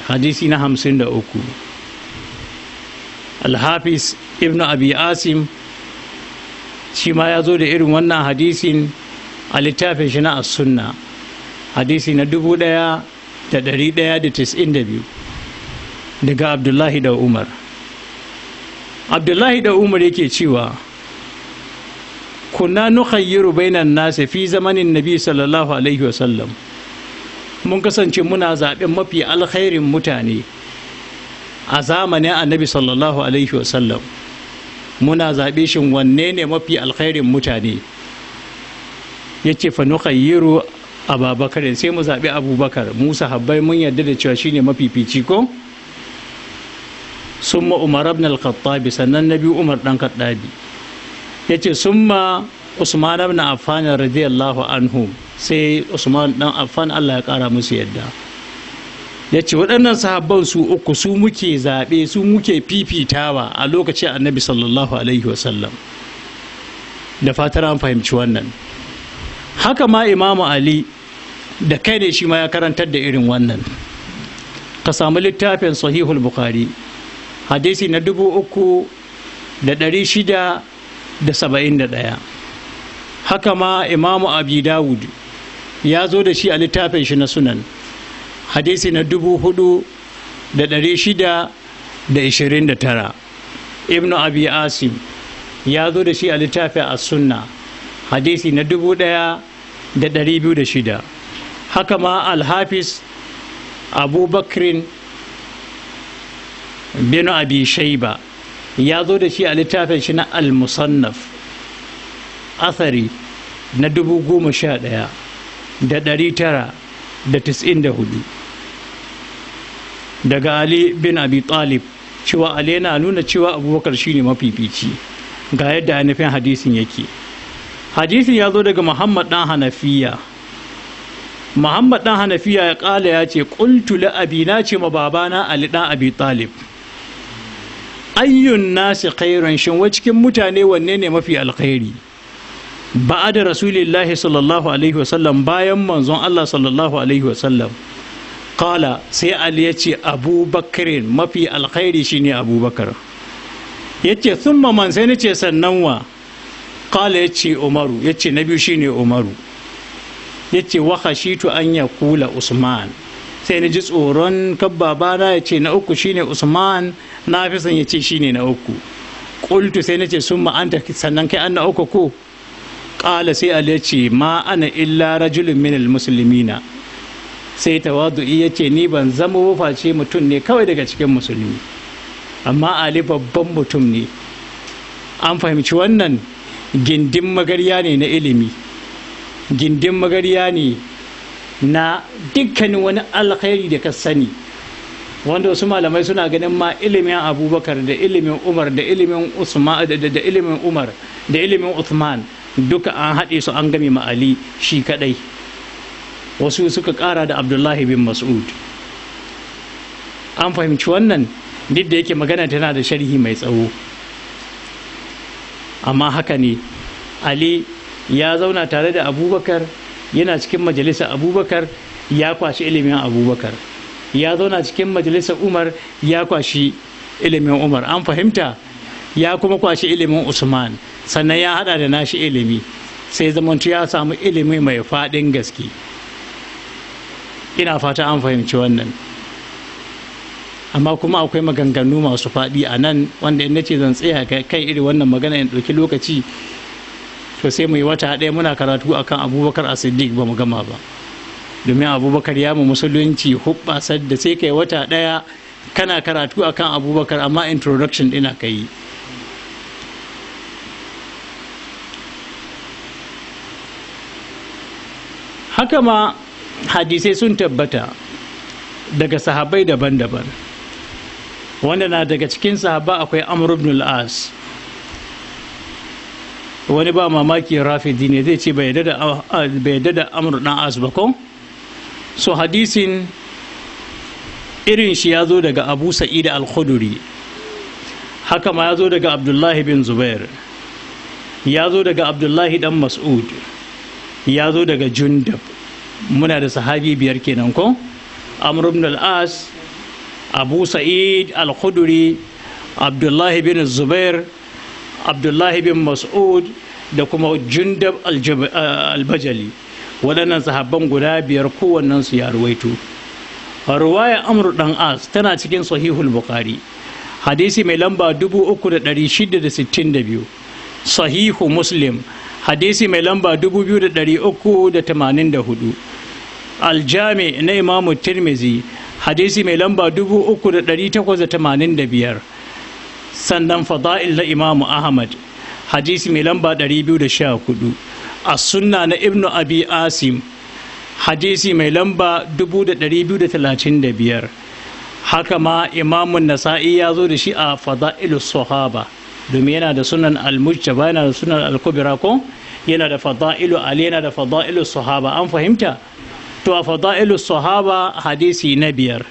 hadisi na 53 Alhafis ibn abi asim shi ma ya zo da irin wannan hadisin a littafin shi na as-sunna hadisi na 1192 daga abdullahi da umar abdullahi da umar yake cewa kunna nukhayyiru bainan nasi fi zamanin nabi sallallahu alaihi wasallam mun kasance muna zaɓen mafi alkhairin mutane a zamanin annabi sallallahu alaihi wasallam muna zaɓe shi wanne ne mafi alkhairin mutane ya ce fa nukhayyiru babakar sai mu zaɓi abubakar musa habbai mun yarda da cewa shine mafifici ko summa umar ibn al-khattabi sannan na umar dan kaddabi yace summa usman ibn affan radiyallahu anhu sai usman dan affan Allah ya kara musu yadda yace waɗannan sahabban su uku su muke zaɓe su muke fifitawa a lokacin annabi sallallahu alaihi wasallam da fatar an fahimci wannan haka ma imamu ali da kai ne shi ma ya karantar da irin wannan ka samu littafin sahihul bukhari hadisi na dubu uku da ɗari shida da saba'in da ɗaya haka ma imamu abi dawud ya zo da shi a littafin shi na sunan hadisi na dubu hudu da ɗari shida da ishirin da tara ibnu abi asim ya zo da shi a littafin a sunna hadisi na dubu ɗaya da ɗari biyu da shida haka ma alhafis abubakrin bin abi shaiba ya zo da shi a littafin shi na al-musannaf athari na dubu goma sha ɗaya da ɗari tara da hudu daga ali bin abi talib cewa ali yana nuna cewa abubakar shine mafifici ga yadda ainihin hadisin yake hadisin ya zo daga muhammad dan hanafiya muhammad dan hanafiya ya kala ya ce qultu li ce ma babana ali dan abi talib ayyun nasi khairun shin wa cikin mutane wanne ne mafi alkhairi ba'ada rasulillahi sallallahu alaihi wasallam bayan manzon Allah sallallahu alaihi wasallam qala sai ali yace abubakar mafi alkhairi shine abubakar yace thumma man sai nace sannan wa ya yace umaru yace na biyu shine umaru yace wa khashitu an kula usman sai na ji tsoron ya yace na uku shine usman na fi son ya ce ne na uku ƙultu sai na nace sun ma'anta sannan kai an na uku ko Ƙala sai ali ya ce ma ana illa rajulun musulmi na. sai tawadu'i ya ce ni ban zama wufaci mutum ne kawai daga cikin musulmi amma ali babban mutum ne an fahimci wannan gindin magarya ne na ilimi gindin magarya ne na dukkanin wani alkhairi da ka sani wanda wasu malamai suna ganin ma ilimin abubakar da ilimin umar da ilimin usman da umar da ilimin uthman duka an haɗe su an game ma'ali shi kaɗai wasu suka ƙara da abdullahi bin mas'ud an fahimci wannan duk da yake magana tana da sharhi mai tsawo amma haka ne ali ya zauna tare da abubakar yana cikin majalisa abubakar ya kwashi ilimin abubakar ya zauna cikin majalisar umar ya kwashi ilimin umar an fahimta ya kuma kwashi ilimin usman sannan ya hada da nashi ilimi sai zamantu ya samu ilimi mai faɗin gaske ina fata an fahimci wannan amma kuma akwai maganganu masu faɗi a nan wanda in nace zan tsaya kai irin wannan magana in ɗauki lokaci to sai mu yi wata ɗaya muna karatu akan abubakar a siddiq ba mu gama ba domin abubakar ya mu musulunci hubbasar da sai kai wata ɗaya kana karatu akan abubakar amma introduction dina ka yi haka ma hadisai sun tabbata daga sahabai daban-daban wanda na daga cikin sahaba akwai amr ibn al-as wani ba mamaki rafidi ne zai ce bai yadda da amr dan as ba ko so hadisin irin shi ya zo daga abu sa'id al-khuduri haka ma ya zo daga abdullahi bin zubair ya zo daga abdullahi dan mas'ud ya zo daga jundab muna da sahabi biyar kenan ko amr ibn al-as abu sa'id al-khuduri abdullahi bin zubair abdullahi bin mas'ud da kuma jundab al-bajali al bajali waɗannan sahabban guda biyar kowannen su ya ruwaito ruwaya amru dan as tana cikin sahihul bukhari hadisi mai lamba 3662 sahihu muslim hadisi mai lamba 2384 aljami na imamu tirmizi hadisi mai lamba 3885 sannan fada'il na imamu ahmad hadisi mai lamba 214 a sunna na ibnu abi asim hadisi mai lamba 2235 haka ma imamun nasa'i ya zo da shi a fada'ilu sahaba domin yana da sunan al-mujtaba yana da sunan al-kubra ko yana da fada'ilu ali yana da fada'ilu sahaba an fahimta to a fada'ilu sahaba hadisi na biyar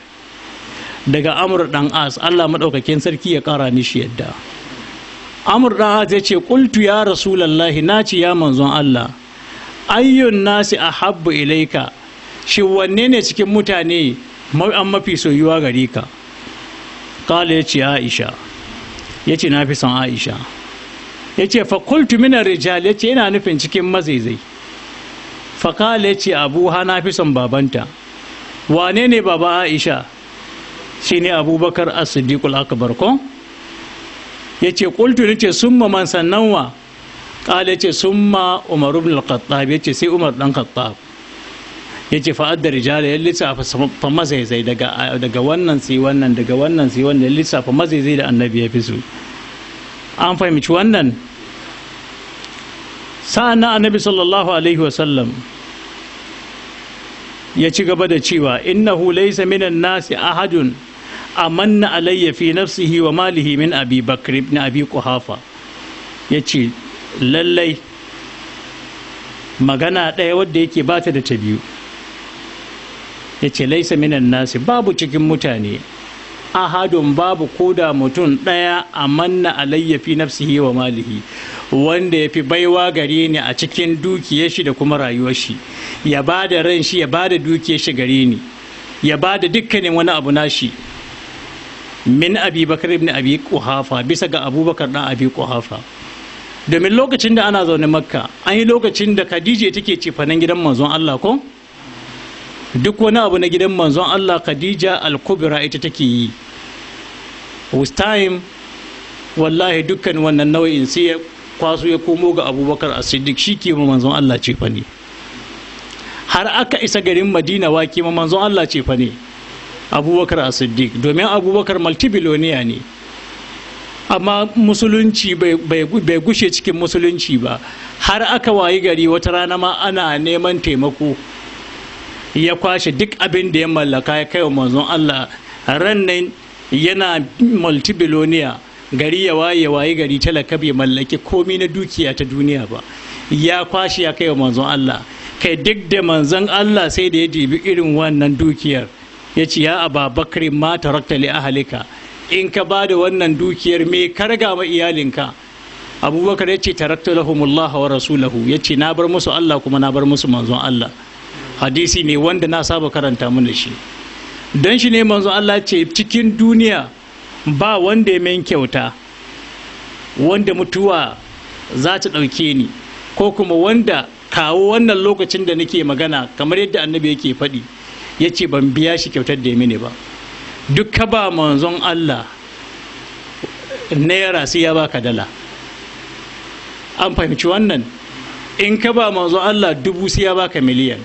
daga amur dan as Allah madaukakin sarki ya kara mishi yadda amur ɗan ya ce ƙultu ya rasulallahi na ce ya manzon allah ayyun nasi a habbu ilaika shi wanne ne cikin mutane an mafi soyuwa gare ka kala ya ce aisha ya ce na fi son aisha ya ce fakultu mina rijal ya ce yana nufin cikin mazaizai fakala ya ce abu ha na fi son babanta wane ne baba aisha shi ne abubakar as-siddiqul akbar ko ya ce ƙultu ni ce summa man sannan wa ƙala ce summa umar ibn al-khattab ya ce sai umar dan khattab ya ce fa'ad da rijala ya lissafa fa mazaizai daga wannan sai wannan daga wannan sai wannan ya lissafa mazaizai da annabi ya fi su an fahimci wannan sa'an na annabi sallallahu alaihi wasallam ya ci gaba da cewa innahu laysa minan nasi ahadun amanna alayya fi nafsihi wa malihi min abi bakr ibn abi quhafa yace lallai magana ɗaya wadda yake ba ta da ta biyu ce laisa minan nasi babu cikin mutane ahadun babu koda mutum ɗaya a manna alayya fi nafsihi wa malihi wanda ya fi baiwa gare ni a cikin dukiyar shi da kuma rayuwar shi ya ba da ran shi ya ba da dukiyar shi gare ni ya ba da dukkanin wani abu nashi shi min abi bakar ibn abi kuhafa bisa ga abubakar dan abi kuhafa domin lokacin da ana zaune makka an yi lokacin da khadija take cefanen gidan manzon allah ko duk wani abu na gidan manzon allah khadija al-kubra ita take yi with time wallahi dukkan wannan nau'in sai ya kwaso ya komo ga abubakar a siddiq shi ke manzon allah cefane har aka isa garin madina wa ke manzon allah cefane abubakar a siddiq domin abubakar multibiloniya ne amma musulunci bai gushe cikin musulunci ba har aka wayi gari wata rana ma ana neman taimako ya kwashe duk abin da ya mallaka ya kai wa manzon Allah ran nan yana multibiloniya gari ya waye waye gari talaka bai mallaki komi na dukiya ta duniya ba ya kwashe ya kai wa manzon Allah kai duk da manzon Allah sai da ya jibi irin wannan dukiyar ya ce ya ababakar ma tarakta li ahalika in ka ba da wannan dukiyar me ka raga ma iyalinka abubakar ya ce tarakta lahumullah wa rasulahu ya ce na bar musu allah kuma na bar musu manzon allah hadisi ne wanda na saba karanta mana shi don shi ne manzon allah ce cikin duniya ba wanda ya min kyauta wanda mutuwa za ta ɗauke ni ko kuma wanda kawo wannan lokacin da nake magana kamar yadda annabi yake faɗi ya ce ban biya shi kyautar da ya mini ba duk ka ba manzon Allah naira sai ya baka dala an fahimci wannan in ka ba manzon Allah dubu sai ya baka miliyan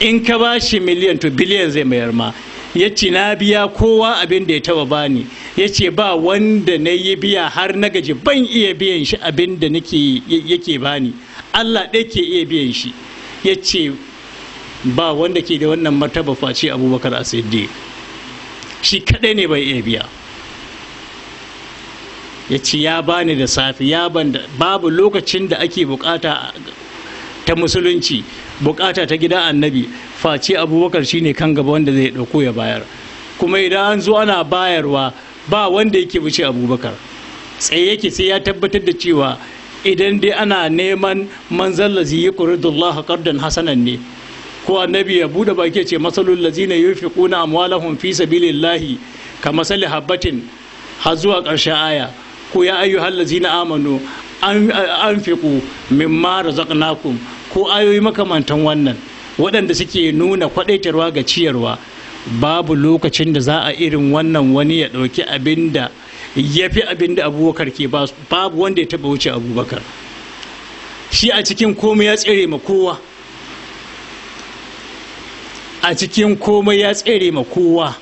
in ka ba shi miliyan to biliyan zai mayar ma ya ce na biya kowa abin da ya taba bani ya ce ba wanda na yi biya har na gaji ban iya biyan shi abin da yake bani Allah ɗaya ke iya biyan shi ya ce ba wanda ke da wannan martaba face abubakar asiddi shi kadai ne bai iya biya ya ce ya bani da safi ya babu lokacin da ake bukata ta musulunci bukata ta gida annabi face abubakar shine kan gaba wanda zai dauko ya bayar kuma idan an zo ana bayarwa ba wanda yake wuce abubakar tsaye yake sai ya tabbatar da cewa idan dai ana neman manzan lazi yi kuridullah kardan hasanan ne ko annabi ya bude baki ce masalul lazina yufiquna amwalahum fi sabilillahi kamasali habatin har zuwa ƙarshen aya ko ya ayyuhal lazina amanu anfiqu mimma razaqnakum ko ayoyi makamantan wannan waɗanda suke nuna kwaɗaitarwa ga ciyarwa babu lokacin da za a irin wannan wani ya ɗauki abinda ya fi abin da abubakar ke babu wanda ya taɓa wuce abubakar shi a cikin komai ya tsere ma kowa a cikin komai ya tsere ma kowa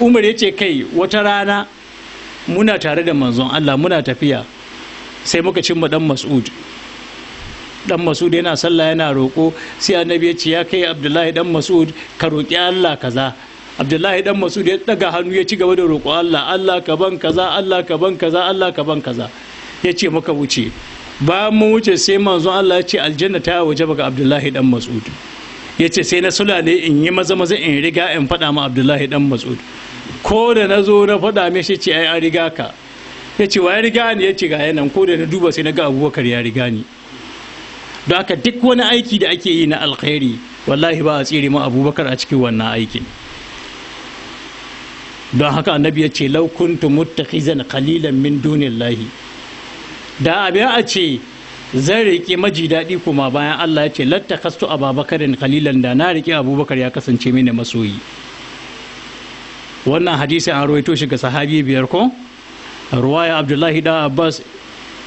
umar ya ce kai wata rana muna tare da manzon allah muna tafiya sai muka cin ma dan mas'ud dan mas'ud yana sallah yana roƙo sai annabi ya ce ya kai abdullahi dan mas'ud ka roƙi allah kaza abdullahi dan mas'ud ya daga hannu ya ci gaba da roƙo allah allah ka ban kaza allah ka ban kaza allah ka ban kaza ya ce muka wuce ba mu wuce sai manzon allah ya ce aljanna ta waje ga abdullahi dan mas'ud ya ce sai na ne in yi maza maza in riga in faɗa ma abdullahi dan mas'ud ko da na zo na faɗa mai shi ce ai an riga ka ya ce wa ya riga ni ya ce ga yanan ko da na duba sai na ga abubakar ya riga ni don haka duk wani aiki da ake yi na alkhairi wallahi ba a tsire ma abubakar a cikin wannan aikin don haka annabi ya ce laukuntu kuntu muttakhizan qalilan min dunillahi da abin a ce zan rike maji daɗi kuma bayan Allah ya ce latta kastu a babakarin khalilan da na rike abubakar ya kasance mini masoyi wannan hadisi an rawaito shi ga sahabi biyar ko ruwaya abdullahi da abbas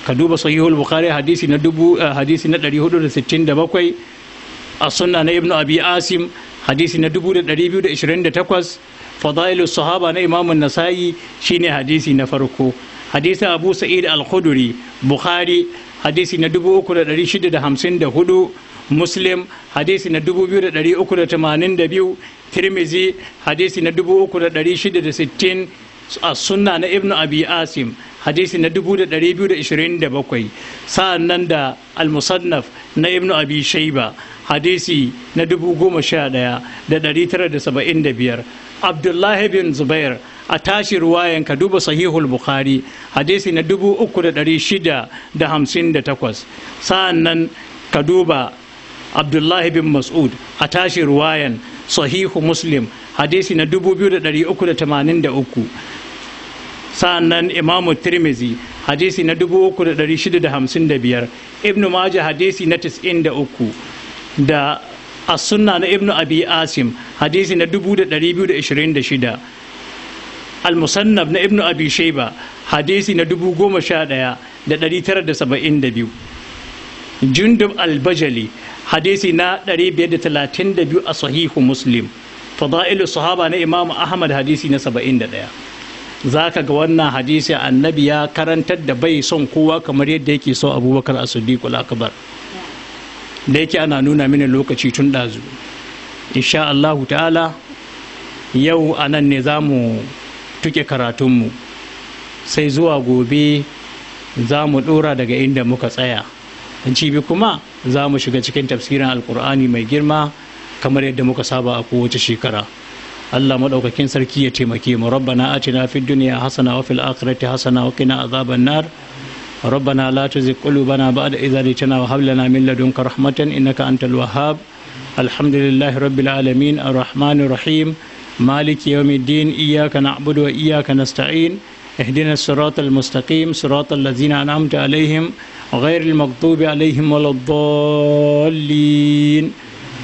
ka duba sahihul bukhari hadisi na dubu eh, hadisi na 467 as sunna na ibnu abi asim hadisi na 228 fadailu sahaba na imamun nasa'i shine hadisi na farko hadisi abu sa'id al-khudri bukhari hadisi na 3654 muslim hadisi na 2382 tirmizi hadisi na sittin. sunna na ibnu abi asim hadisi na 227 sa'an nan da al-musannaf na ibnu abi shaiba hadisi na 11975 abdullahi bin zubair a tashi ruwayan ka duba sahihul bukhari hadisi na 3658 sa'an nan ka duba abdullahi bin mas'ud a tashi ruwayan sahihu muslim hadisi na 2383 nan imamu tirmizi hadisi na 3655 ibnu maja hadisi na 93 da as-sunna na ibnu abi asim hadisi na 2226 al-musannaf na ibnu abi shaiba hadisi na 11972 jundub al-bajali hadisi na 532 a sahihu muslim fada'ilu sahaba na imamu ahmad hadisi na 71 za ka ga wannan hadisi annabi ya karantar da bai son kowa kamar yadda yake so abubakar as-siddiqul akbar da yake ana nuna mini lokaci tun ɗazu insha Allahu ta'ala yau a nan ne za mu tuke karatunmu sai zuwa gobe za mu ɗora daga inda muka tsaya cibi kuma za mu shiga cikin tafsirin alkur'ani mai girma kamar yadda muka saba a kowace shekara Allah madaukakin sarki ya taimake mu rabbana atina fid dunya hasana wa fil akhirati hasana wa qina adhaban nar ربنا لا تزغ قلوبنا بعد إذا هديتنا وهب لنا من لدنك رحمة إنك أنت الوهاب الحمد لله رب العالمين الرحمن الرحيم مالك يوم الدين إياك نعبد وإياك نستعين اهدنا الصراط المستقيم صراط الذين أنعمت عليهم غير المغضوب عليهم ولا الضالين